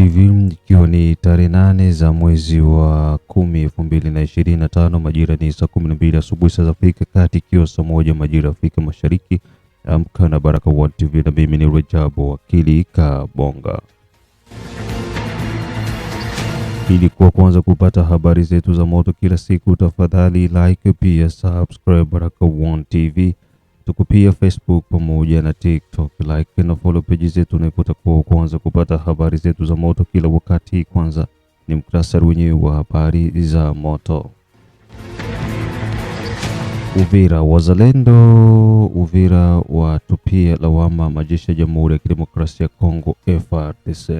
TV ikiwa ni tarehe nane za mwezi wa kumi elfu mbili na ishirini na tano majira ni saa kumi na mbili asubuhi saa za Afrika Kati, ikiwa saa moja majira ya Afrika Mashariki. Amka na Baraka One TV na mimi ni Rejabu Wakili Kabonga. Ili kuwa kwanza kupata habari zetu za moto kila siku, tafadhali like, pia subscribe Baraka One TV Tuko pia Facebook pamoja na TikTok, like na follow page zetu na utakuwa kwanza kupata habari zetu za moto kila wakati. Kwanza ni muktasari wenyewe wa habari za moto. Uvira, wazalendo Uvira watupia lawama majeshi ya Jamhuri ya Kidemokrasia ya Kongo FARDC.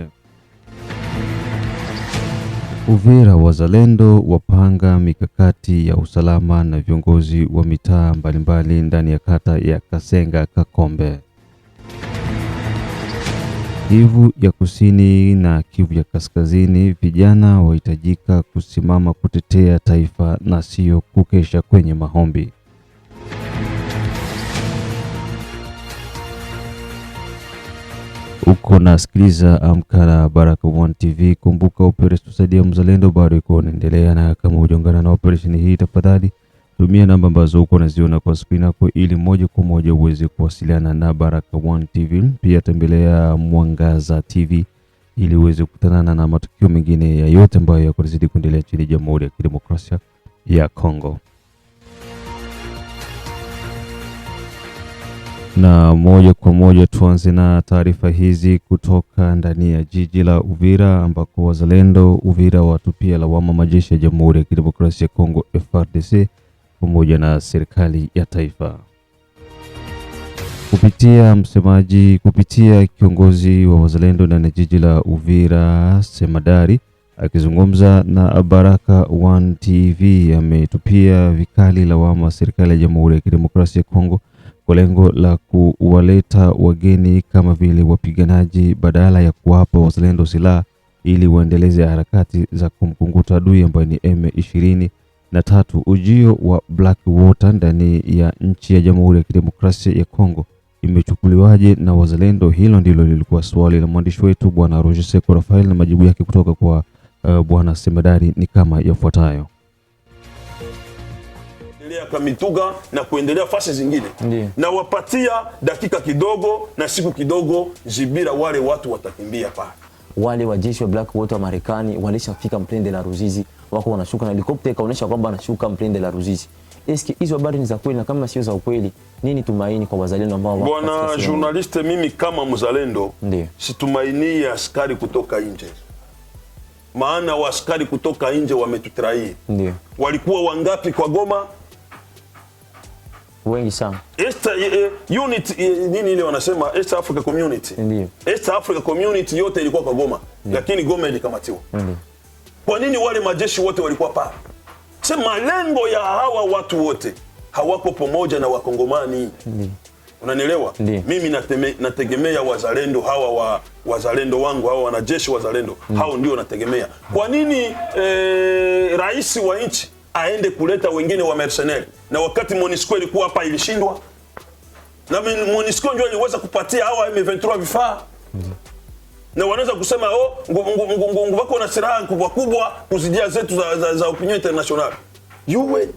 Uvira wazalendo wapanga mikakati ya usalama na viongozi wa mitaa mbalimbali ndani ya kata ya Kasenga Kakombe, Kivu ya Kusini na Kivu ya Kaskazini. Vijana wahitajika kusimama kutetea taifa na sio kukesha kwenye maombi. uko nasikiliza Amka na Baraka One TV. Kumbuka operesheni tusaidia mzalendo bado iko inaendelea, na kama hujaungana na operesheni hii, tafadhali tumia namba ambazo uko unaziona kwa screen yako ili moja kwa moja uweze kuwasiliana na Baraka One TV. Pia tembelea Mwangaza TV ili uweze kukutana na matukio mengine ya yote ambayo yako yazidi kuendelea nchini Jamhuri ya Kidemokrasia ya Kongo. Na moja kwa moja tuanze na taarifa hizi kutoka ndani ya jiji la Uvira ambako wazalendo Uvira watupia lawama majeshi ya Jamhuri ya Kidemokrasia ya Kongo frdc pamoja na serikali ya taifa kupitia msemaji kupitia kiongozi wa wazalendo ndani ya jiji la Uvira Semadari akizungumza na Baraka One TV ametupia vikali lawama serikali ya Jamhuri ya Kidemokrasia ya Kongo kwa lengo la kuwaleta wageni kama vile wapiganaji badala ya kuwapa wazalendo silaha ili waendeleze harakati za kumkunguta adui ambaye ni M23. Ujio wa Blackwater ndani ya nchi ya Jamhuri ya Kidemokrasia ya Kongo imechukuliwaje na wazalendo? Hilo ndilo lilikuwa swali la mwandishi wetu Bwana Roger Seko Rafael, na majibu yake kutoka kwa uh, Bwana Semedari ni kama yafuatayo kuendelea Kamituga na kuendelea fasi zingine Ndi. na wapatia dakika kidogo na siku kidogo Jibira, wale watu watakimbia pale. Wale wajeshi wa black wote wa Marekani walishafika Plaine de la Ruzizi, wako wanashuka na helikopta ikaonyesha kwamba wanashuka Plaine de la Ruzizi. Eski hizo habari ni za kweli? Na kama sio za ukweli, nini tumaini kwa wazalendo ambao wako bwana journaliste? Mimi kama mzalendo situmainii askari kutoka nje maana waaskari kutoka nje wametutrai. Walikuwa wangapi kwa Goma? wengi sana East eh, eh, unit eh, nini ile wanasema East Africa Community. Ndio. East Africa Community yote ilikuwa kwa Goma. Ndiyo. Lakini Goma ilikamatiwa. Ndio. Kwa nini wale majeshi wote walikuwa pale? Se malengo ya hawa watu wote hawako pamoja na Wakongomani. Ndio. Unanielewa? Mimi nateme, nategemea wazalendo hawa wa wazalendo wangu hawa wanajeshi wazalendo. Hao ndio nategemea. Kwa nini eh, rais wa nchi aende kuleta wengine wa mercenary, na wakati Monisco ilikuwa hapa ilishindwa, na Monisco ndio iliweza kupatia hawa M23 vifaa mm -hmm na wanaweza kusema oh, nguvu wako na silaha kubwa kubwa kuzidia zetu za, za, za opinion international. Yuwe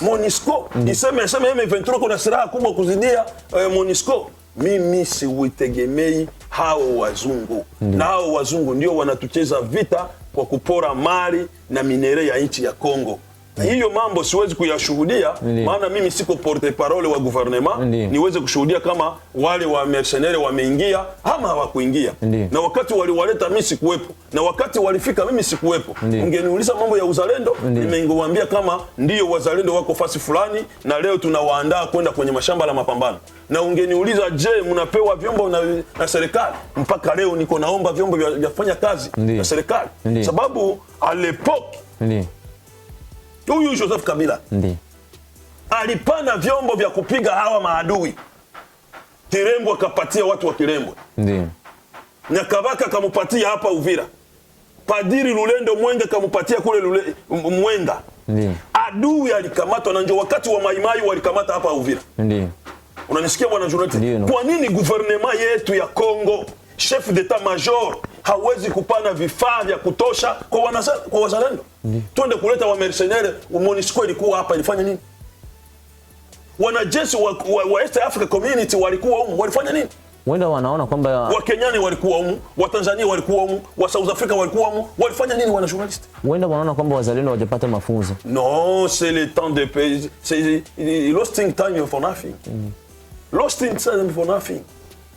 Monisco mm. iseme sema M23 kuna silaha kubwa kuzidia eh, Monisco. Mimi siwitegemei hao wazungu mm. na hao wazungu ndio wanatucheza vita kwa kupora mali na minere ya nchi ya Kongo hiyo mambo siwezi kuyashuhudia, maana mimi siko porte parole wa gouvernement niweze kushuhudia kama wale wa mercenaire wameingia ama hawakuingia, na wakati waliwaleta mimi sikuwepo, na wakati walifika mimi sikuwepo. Ungeniuliza mambo ya uzalendo, nimengewambia kama ndio wazalendo wako fasi fulani, na leo tunawaandaa kwenda kwenye mashamba la mapambano. Na ungeniuliza je, mnapewa vyombo na, na serikali? Mpaka leo niko naomba vyombo vya, vyafanya kazi Ndi. na serikali sababu alepoke huyu Joseph Kabila alipana vyombo vya kupiga hawa maadui Kirembo akapatia watu wa Kirembwe na akamupatia hapa Uvira, Padiri Lulendo mwenge akamupatia kule lule, Mwenga adui alikamatwa na njo wakati wa maimai walikamata hapa Uvira. Unanisikia bwana Kwa nini guvernema yetu ya Congo chef d'etat major hauwezi kupana vifaa vya kutosha kwa wanaza, kwa wazalendo mm. Twende kuleta wa wamercenere MONUSCO ilikuwa hapa ilifanya nini? Wanajeshi wa, wa, wa East Africa Community walikuwa humu walifanya nini? Wenda wanaona kwamba Wakenyani walikuwa humu, Watanzania walikuwa humu, wa South Africa walikuwa humu, walifanya nini wana journalist? Wenda wanaona kwamba wazalendo hawajapata mafunzo. No, c'est le temps de pays, c'est losing time for nothing. Mm. Lost in time for nothing.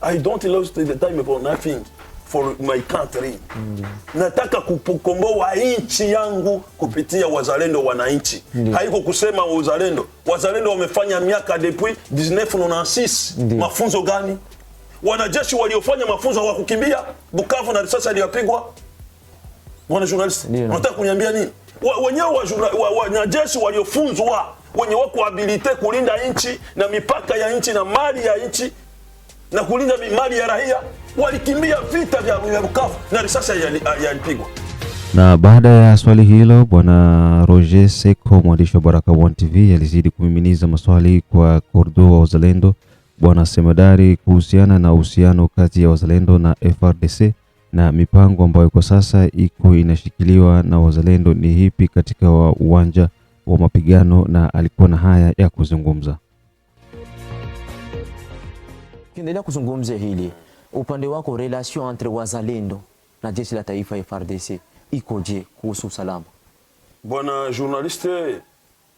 I don't lose the time for nothing for my country mm. Nataka kukomboa nchi yangu kupitia wazalendo wananchi mm. Haiko kusema wazalendo wazalendo wamefanya miaka depuis 1996 mm. Mafunzo gani? Wanajeshi waliofanya mafunzo wa kukimbia Bukavu na risasi aliyopigwa bwana journalist, unataka kuniambia nini? Wa, Wenyewe wanajeshi waliofunzwa wenye wako habilite kulinda nchi na mipaka ya nchi na mali ya nchi na kulinda mali ya raia walikimbia vita vya Bukavu na risasi yalipigwa. Na baada ya swali hilo, Bwana Roger Seko, mwandishi wa Baraka One TV, alizidi kumiminiza maswali kwa Kordo wa Wazalendo Bwana Semadari kuhusiana na uhusiano kati ya Wazalendo na FRDC na mipango ambayo kwa sasa iko inashikiliwa na Wazalendo ni hipi katika wa uwanja wa mapigano, na alikuwa na haya ya kuzungumza. Kiendelea kuzungumzia hili upande wako relation entre wazalendo na jeshi la taifa FRDC iko je kuhusu usalama? Bwana journaliste,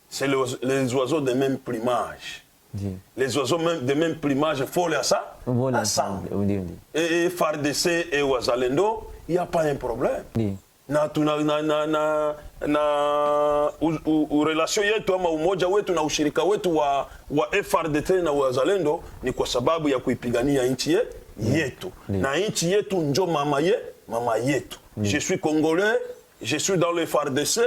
c'est le, les oiseaux de même plumage. Yeah. Les oiseaux même, de même plumage volent à ça voilà ensemble. Ensemble. Et FRDC et wazalendo, il y a pas un problème. Yeah. Na, tuna, na, na, na, na u, relation yetu ama umoja wetu na ushirika wetu wa, wa FARDC na wazalendo ni kwa sababu ya kuipigania nchi yetu yetu Ndiyo. na nchi yetu njo mama ye mama yetu Ndiyo. je suis congolais je suis dans le FARDC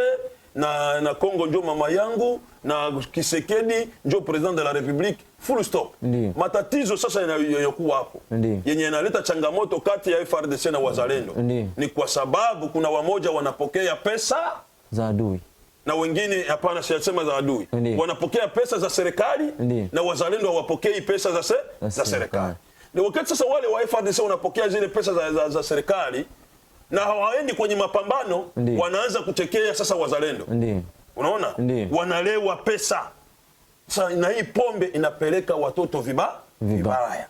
na na Congo njo mama yangu na Kisekedi njo president de la Republique full stop. Ndi. Matatizo sasa yanayokuwa hapo yenye inaleta changamoto kati ya FARDC na wazalendo Ndi. ni kwa sababu kuna wamoja wanapokea pesa za adui na wengine hapana, siyasema za adui wanapokea pesa za serikali na wazalendo hawapokei pesa za, se, za serikali. Ni wakati sasa wale wa FARDC wanapokea zile pesa za, za, za serikali na hawaendi kwenye mapambano Ndi. wanaanza kutekea sasa wazalendo Ndi. unaona Ndi. wanalewa pesa sasa, na hii pombe inapeleka watoto viba, vibaya.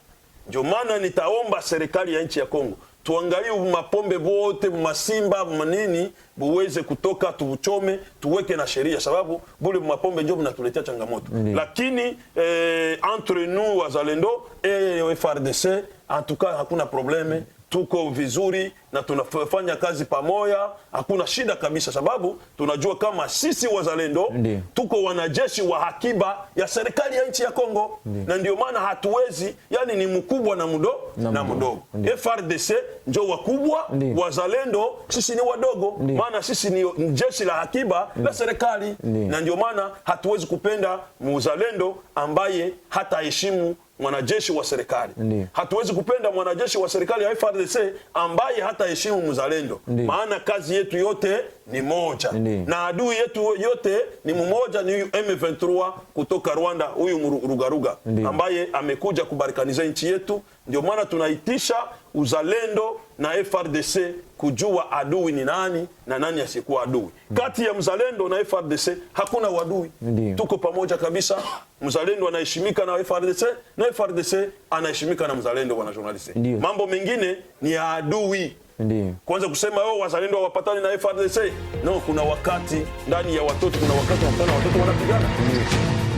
Ndio maana nitaomba serikali ya nchi ya Kongo tuangalie mapombe bote masimba manini buweze kutoka tubuchome tuweke na sheria, sababu bule mapombe njo mnatuletea changamoto mm -hmm. Lakini eh, entre nous wazalendo et eh, frdc en tout cas hakuna probleme tuko vizuri na tunafanya kazi pamoja, hakuna shida kabisa, sababu tunajua kama sisi wazalendo Ndi. tuko wanajeshi wa hakiba ya serikali ya nchi ya Kongo Ndi. na ndio maana hatuwezi, yani ni mkubwa na mdo na mdogo. FRDC njo wakubwa wazalendo sisi ni wadogo, maana sisi ni jeshi la hakiba Ndi. la serikali Ndi. na ndio maana hatuwezi kupenda muzalendo ambaye hataheshimu mwanajeshi wa serikali. Hatuwezi kupenda mwanajeshi wa serikali ya FARDC ambaye hata heshimu mzalendo, maana kazi yetu yote ni moja Nini? na adui yetu yote ni mmoja, ni M23 kutoka Rwanda, huyu Murugaruga ambaye amekuja kubarikaniza nchi yetu. Ndio maana tunaitisha uzalendo na FRDC kujua adui ni nani na nani asiyekuwa adui. Kati ya mzalendo na FRDC hakuna wadui, tuko pamoja kabisa. Mzalendo anaheshimika na FRDC na FRDC anaheshimika na mzalendo, bwana journalist. Mambo mengine ni ya adui. Ndiyo. Kwanza kusema wao oh, wazalendo hawapatani na FRDC. No, kuna wakati ndani ya watoto kuna wakati wakutana watoto wanapigana.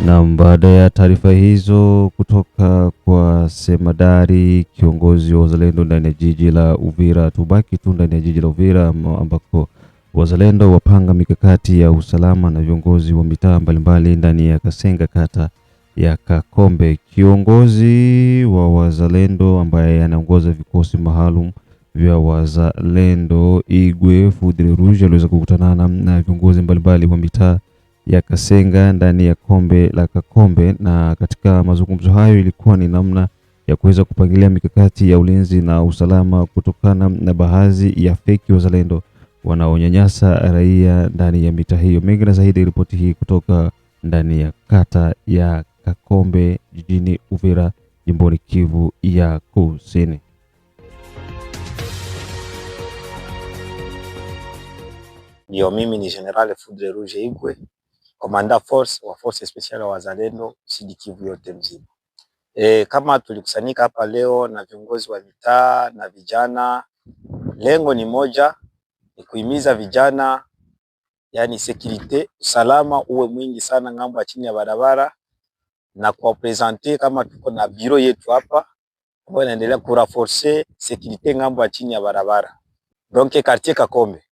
Na baada ya taarifa hizo kutoka kwa Semadari, kiongozi wa wazalendo ndani ya jiji la Uvira, tubaki tu ndani ya jiji la Uvira ambako wazalendo wapanga mikakati ya usalama na viongozi wa mitaa mbalimbali ndani ya Kasenga kata ya Kakombe. Kiongozi wa wazalendo ambaye anaongoza vikosi maalum vya wazalendo Igwe Fudre Rouge aliweza kukutana na viongozi mbalimbali wa mitaa ya Kasenga ndani ya kombe la Kakombe, na katika mazungumzo hayo ilikuwa ni namna ya kuweza kupangilia mikakati ya ulinzi na usalama kutokana na baadhi ya feki wazalendo wanaonyanyasa raia ndani ya mitaa hiyo. Mengi na zaidi, ripoti hii kutoka ndani ya kata ya Kakombe jijini Uvira, jimboni Kivu ya Kusini. Ndio, mimi ni General Fudre Rouge Igwe, Komanda force wa force special wa wazalendo Sud Kivu yote mzima. E, kama tulikusanyika hapa leo na viongozi wa mitaa na vijana, lengo ni moja, ni kuhimiza vijana, yani sekirite, usalama uwe mwingi sana ngambo ya chini ya barabara, na kwa presenter kama tuko na biro yetu hapa ambayo inaendelea kuraforce sekirite ngambo ya chini ya barabara, donc quartier Kakombe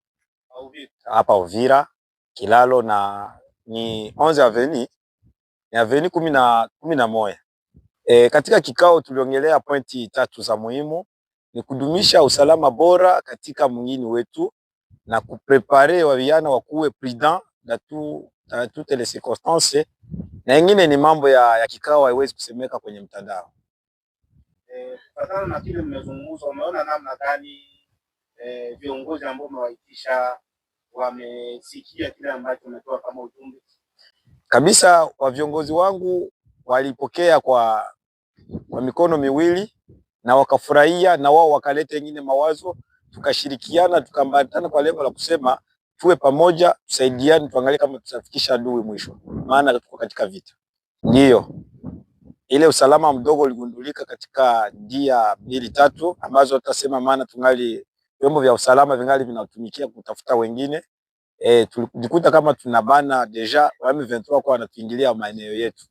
hapa Uvira Kilalo na ni 11 aveni ni aveni kumi na moja. E, katika kikao tuliongelea pointi tatu za muhimu ni kudumisha usalama bora katika mwingini wetu na kuprepare waviana wakuwe prudent na tu na toutes les circonstances, na ingine ni mambo ya, ya kikao haiwezi kusemeka kwenye mtandao. E, Kufatana na kile mmezungumza, umeona namna gani e, viongozi ambao umewaitisha wamesikia kile ambacho umetoa kama ujumbe? Kabisa, wa viongozi wangu walipokea kwa, kwa mikono miwili na wakafurahia, na wao wakaleta wengine mawazo, tukashirikiana tukaambatana kwa lengo la kusema tuwe pamoja, tusaidiane, tuangalie kama tutafikisha adui mwisho, maana tuko katika vita. Ndiyo ile usalama mdogo uligundulika katika dia mbili tatu ambazo tutasema, maana tungali vyombo vya usalama vingali vinatumikia kutafuta wengine. E, tulikuta kama tunabana deja wa M23 kwa wanatuingilia maeneo yetu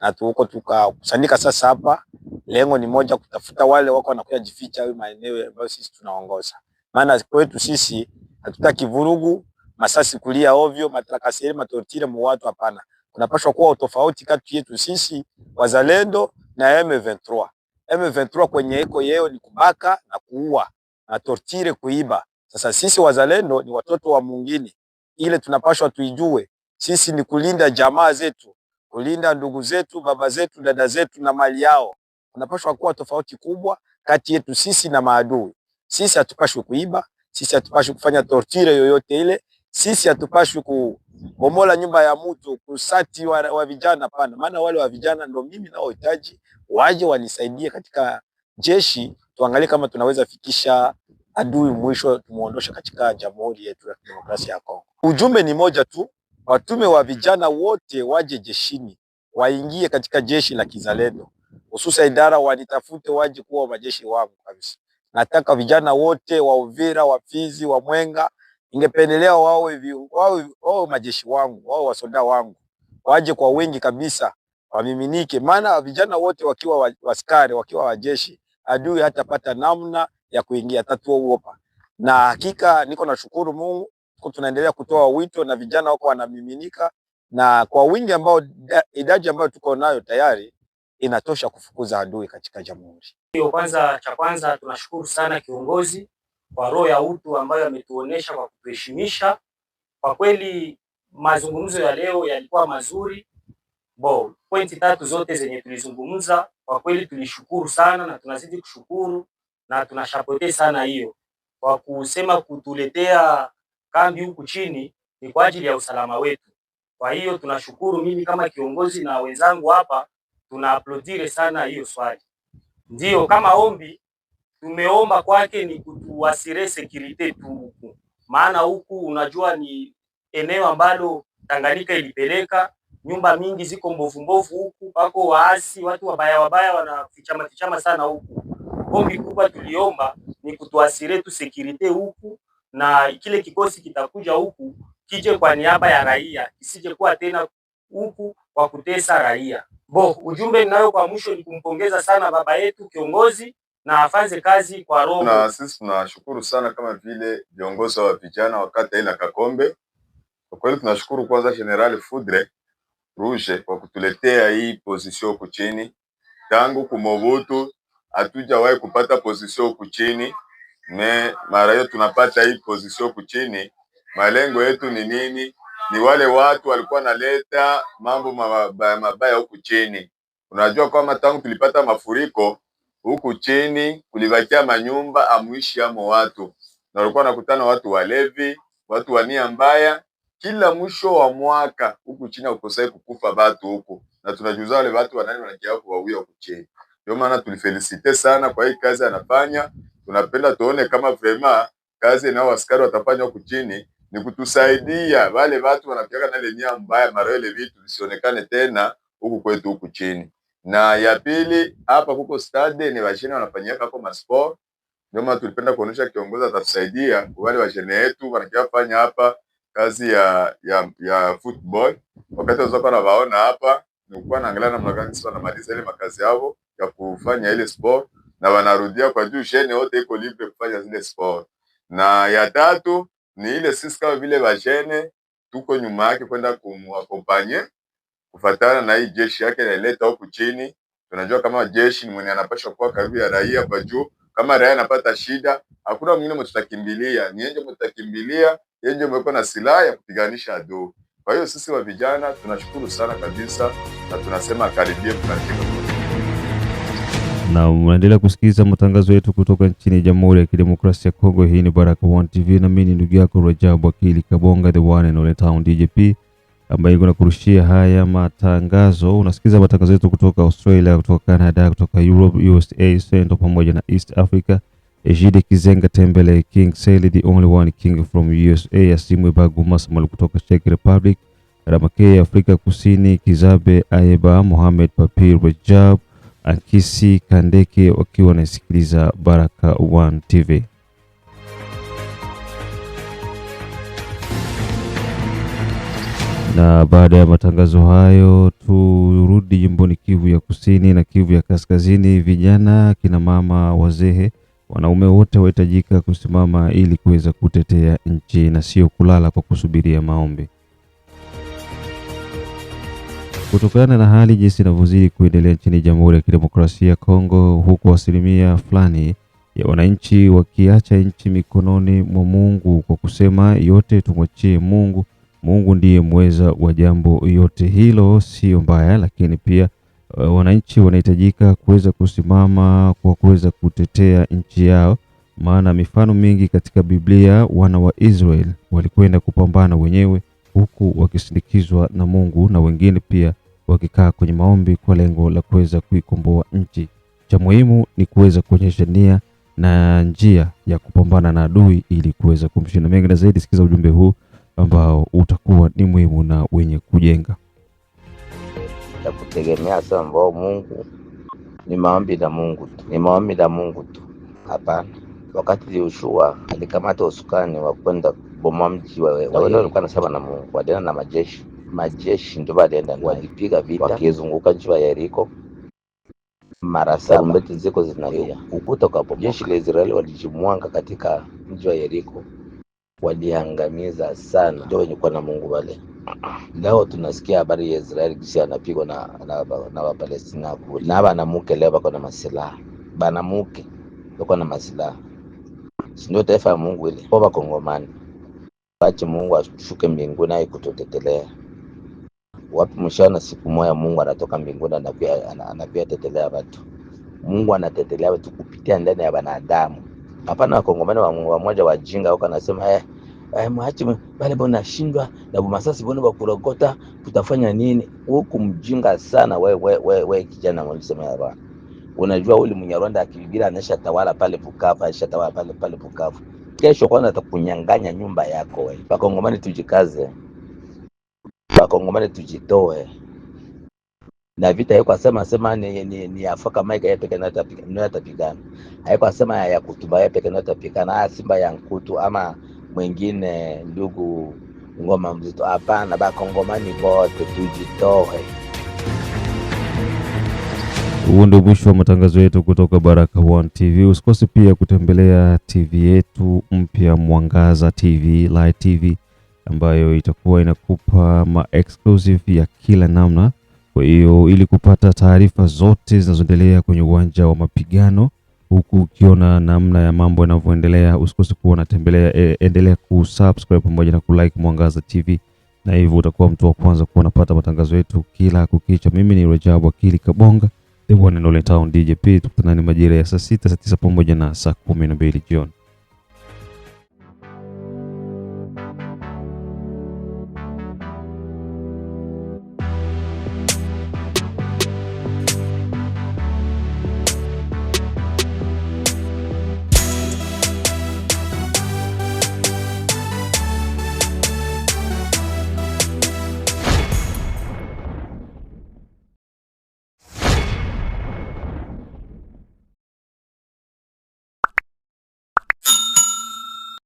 na tuko tukakusanyika sasa hapa, lengo ni moja, kutafuta wale wako wanakuja jificha hayo maeneo ambayo sisi tunaongoza. Maana kwetu sisi hatutaki vurugu, masasi kulia ovyo, matrakaseri, matortire mu watu, hapana. Kunapaswa kuwa tofauti kati yetu sisi wazalendo na M23. M23 kwenye eko yeo ni kubaka na kuua na tortire kuiba. Sasa sisi wazalendo ni watoto wa mungini, ile tunapashwa tuijue sisi ni kulinda jamaa zetu, kulinda ndugu zetu, baba zetu, dada zetu na mali yao. Unapashwa kuwa tofauti kubwa kati yetu sisi na maadui. Sisi hatupashwi kuiba, sisi hatupashwi kufanya tortire yoyote ile, sisi hatupashwi kubomola nyumba ya mtu, kusati wa, wa vijana pana. Maana wale wa vijana ndio mimi nao hitaji waje wanisaidie katika jeshi tuangalie kama tunaweza fikisha adui mwisho, tumuondoshe katika jamhuri yetu ya kidemokrasia ya Kongo. Ujumbe ni moja tu, watume wa vijana wote waje jeshini, waingie katika jeshi la kizalendo, hususa idara wanitafute, waje kuwa majeshi wangu kabisa. Nataka vijana wote wa Uvira, wa Fizi, wa Mwenga, ningependelea wawe, wawe, wawe majeshi wangu, wawe wasoda wangu, waje kwa wengi kabisa, wamiminike. Maana vijana wote wakiwa waskari, wakiwa wajeshi adui hatapata namna ya kuingia, atatuogopa. Na hakika niko nashukuru Mungu, tuko tunaendelea kutoa wito na vijana wako wanamiminika, na kwa wingi ambao idadi ambayo tuko nayo tayari inatosha kufukuza adui katika jamhuri. Kwanza cha kwanza tunashukuru sana kiongozi kwa roho ya utu ambayo ametuonesha kwa kutuheshimisha. Kwa kweli mazungumzo ya leo yalikuwa mazuri bo, pointi tatu zote zenye tulizungumza kwa kweli tulishukuru sana na tunazidi kushukuru na tunashapote sana hiyo kwa kusema kutuletea kambi huku chini ni kwa ajili ya usalama wetu. Kwa hiyo tunashukuru, mimi kama kiongozi na wenzangu hapa tunaaplodire sana hiyo swali. Ndiyo, kama ombi tumeomba kwake ni kutuasire sekirite tu huku, maana huku unajua ni eneo ambalo Tanganyika ilipeleka nyumba mingi ziko mbovu mbovu huku, wako waasi, watu wabaya wabaya wanafichama fichama sana huku. Ombi kubwa tuliomba ni kutuasire tu sekirite huku, na kile kikosi kitakuja huku kije kwa niaba ya raia, isije kuwa tena huku kwa kutesa raia. Bo, ujumbe ninayo kwa mwisho ni kumpongeza sana baba yetu kiongozi na afanze kazi kwa roho. Na sisi tunashukuru sana kama vile viongozi wa vijana wa kata ile Kakombe. Kwa kweli tunashukuru kwanza General Fudre Ruge kwa kutuletea hii pozisio huku chini. Tangu kumobutu hatujawahi kupata pozisio huku chini, me mara hiyo tunapata hii pozisio huku chini. Malengo yetu ni nini? Ni wale watu walikuwa naleta mambo mabaya mabaya huku chini. Unajua kwamba tangu tulipata mafuriko huku chini kulibakia manyumba amuishi amo watu, na walikuwa nakutana watu walevi, watu wania mbaya kila mwisho wa mwaka huku China ukosai kukufa batu huko, na tunajuza wale batu wanani wanakia kuwawia huku chini. Ndio maana tulifelisite sana kwa hii kazi anafanya. Tunapenda tuone kama vrema kazi nao askari watafanya huku chini ni kutusaidia wale watu wanapiaka na ile nia mbaya, mara ile vitu visionekane tena huku kwetu huku chini. Na ya pili hapa kuko stade ni washina wanafanyika hapo masport. Ndio maana tulipenda kuonesha kiongozi atatusaidia wale washina yetu wanakiafanya hapa kazi ya ya ya football. Wakati wazokuwa navaona hapa nilikuwa naangalia namna gani sasa wanamaliza ile makazi yao ya kufanya ile sport na wanarudia kwa juu sheni wote iko libre kufanya zile sport. Na ya tatu ni ile sisi kama vile bashene tuko nyuma yake kwenda kumwakompanye kufatana na hii jeshi yake naileta huku chini. Tunajua kama jeshi ni mwenye anapashwa kuwa karibu ya raia kwa juu. Kama raia anapata shida, hakuna mwingine mtakimbilia, ni yeye mtutakimbilia ndio umekuwa na silaha ya kupiganisha adui. Kwa hiyo sisi wa vijana tunashukuru sana kabisa na tunasema karibie tunatika na mnaendelea kusikiliza matangazo yetu kutoka nchini Jamhuri ya Kidemokrasia ya Kongo. Hii ni Baraka One TV na mimi ni ndugu yako Rajabu Akili Kabonga, the one and only town DJP, ambaye iko nakurushia haya matangazo. Unasikiza matangazo yetu kutoka Australia, kutoka Canada, kutoka Europe, USA, Central pamoja na East Africa. Ejide Kizenga Tembele, King Sally the only one king from USA, Asimwe Baguma Samalu kutoka Czech Republic, Ramake Afrika Kusini, Kizabe Ayeba, Mohamed Papir Rajab, Ankisi Kandeke wakiwa wanasikiliza Baraka 1 TV. Na baada ya matangazo hayo, turudi jimboni Kivu ya Kusini na Kivu ya Kaskazini. Vijana, kina mama, wazee Wanaume wote wahitajika kusimama ili kuweza kutetea nchi na sio kulala kwa kusubiria maombi. Kutokana na hali jinsi inavyozidi kuendelea nchini Jamhuri ya Kidemokrasia ya Kongo, huku asilimia fulani ya wananchi wakiacha nchi mikononi mwa Mungu kwa kusema yote tumwachie Mungu, Mungu ndiye mweza wa jambo yote. Hilo sio mbaya, lakini pia uh, wananchi wanahitajika kuweza kusimama kwa kuweza kutetea nchi yao, maana mifano mingi katika Biblia wana wa israel walikwenda kupambana wenyewe huku wakisindikizwa na Mungu na wengine pia wakikaa kwenye maombi kwa lengo la kuweza kuikomboa nchi. Cha muhimu ni kuweza kuonyesha nia na njia ya kupambana na adui ili kuweza kumshinda. Mengi na zaidi, sikiza ujumbe huu ambao utakuwa ni muhimu na wenye kujenga ya kutegemea sana roho Mungu ni maombi la Mungu tu, ni maombi la Mungu tu. Hapana, wakati Yoshua alikamata usukani wa kwenda kubomoa mji wa wale walikuwa nasaba na Mungu, walienda na majeshi, majeshi ndio walienda, walipiga vita wakizunguka nchi ya Yeriko mara saba, tarumbete ziko zinalia, ukuta ukapo. Jeshi la Israeli walijimwanga katika mji wa Yeriko, waliangamiza sana, ndio wenye kuwa na Mungu wale Leo tunasikia habari ya Israeli kisi anapigwa na, na, na Wapalestina na banamuke leo bako na masilaha, banamuke bako na masilaha, sindio? Taifa ya Mungu ile kwa Wakongomani, bachi Mungu ashuke mbinguni na ikutotetelea Wapi mshaona siku moja Mungu anatoka mbinguni anapia tetelea watu? Mungu anatetelea watu kupitia ndani ya wanadamu, hapana Wakongomani moja wajinga huko anasema eh Eh, mwachi bale bonashindwa na bomasasi bona bakurokota, tutafanya nini? Huku mjinga sana we, we, we, we kijana mwalisema ya bwana, unajua uli Mnyarwanda akibigira anesha tawala pale Bukavu, anesha tawala pale pale Bukavu. Kesho kwanza atakunyang'anya nyumba yako we. Bakongomani tujikaze, bakongomani tujitoe na vita haiko asema sema ni, ni, ni afaka maika ya pekee ndio atapigana, haiko asema ya kutuba ya pekee ndio atapigana, simba ya nkutu ama mwingine ndugu ngoma mzito. Hapana, bakongomani bote tujitoe. Huu ndio mwisho wa matangazo yetu kutoka Baraka One TV. Usikose pia kutembelea TV yetu mpya Mwangaza TV, Live TV ambayo itakuwa inakupa ma exclusive ya kila namna. Kwa hiyo ili kupata taarifa zote zinazoendelea kwenye uwanja wa mapigano huku ukiona namna ya mambo yanavyoendelea, usikose kuwa unatembelea e, eh, endelea kusubscribe pamoja na kulike Mwangaza TV, na hivyo utakuwa mtu wa kwanza kuwa unapata matangazo yetu kila kukicha. Mimi ni Rajabu Akili Kabonga, the one and only town DJP. Tukutanani majira ya saa sita, saa tisa pamoja na saa kumi na mbili jioni.